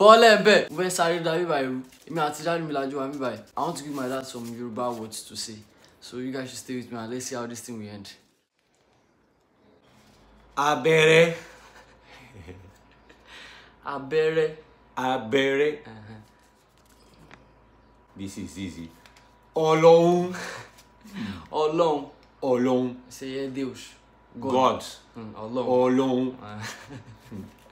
bọ́ọ̀lẹ̀ ń bẹ̀ mo fẹ́ sáré dá bíbá èmi àti dáàdì mi wa bíbá yìí I want to give my dad some Yoruba words to say so you guys should stay with me and let's see how this thing will end. abẹ́rẹ́. abẹ́rẹ́. abẹ́rẹ́. Uh-huh. this is easy. ọlọ́run. ọlọ́run. ọlọ́run. ṣe yẹ Deus. God. Hmm, ọlọ́run. ọlọ́run. Uh-huh.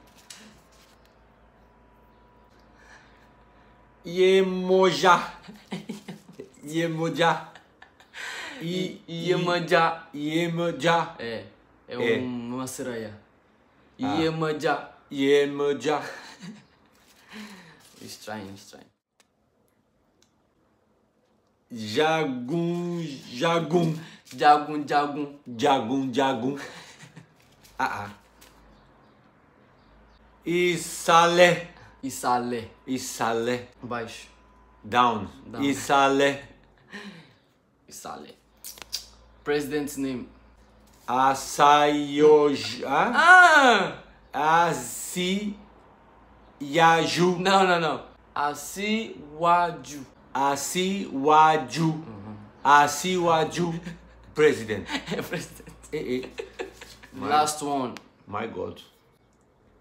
Iemoja. Iemoja. I, Iemanjá. Iemanjá. É. É, é. Um, uma sereia. Ah. Iemanjá. Iemanjá. estranho, estranho. Jagun, jagun, jagun, jagun, jagun, jagun, ah, ah. Isale. Isale. Isale. Baixo. Down. Down. Isale. Isale. President's name. Asayoj. Ah! Ah. Asiyaju. No, no, no. Asiwaju. Asiwaju. Uhum. Mm-hmm. Asiwaju. President. president. Eh, eh. Last one. My God.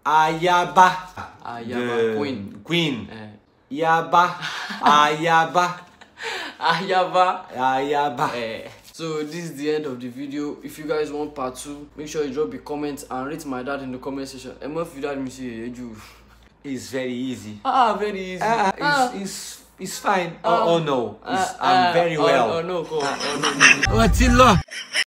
Ayaba. Ayaba Queen. Queen. É. Eh. Yaba. Ayaba. Ayaba. Ayaba. Eh. So this is the end of the video. If you guys want part 2, make sure you drop a comment and rate my dad in the comment section. And you dad me you, It's very easy. Ah, very easy. Ah, it's, ah, ah. it's it's fine. Oh, ah. Oh, oh no, it's, ah, I'm ah, very oh, well. Oh, ah. oh no, go. Oh, no, no. What's it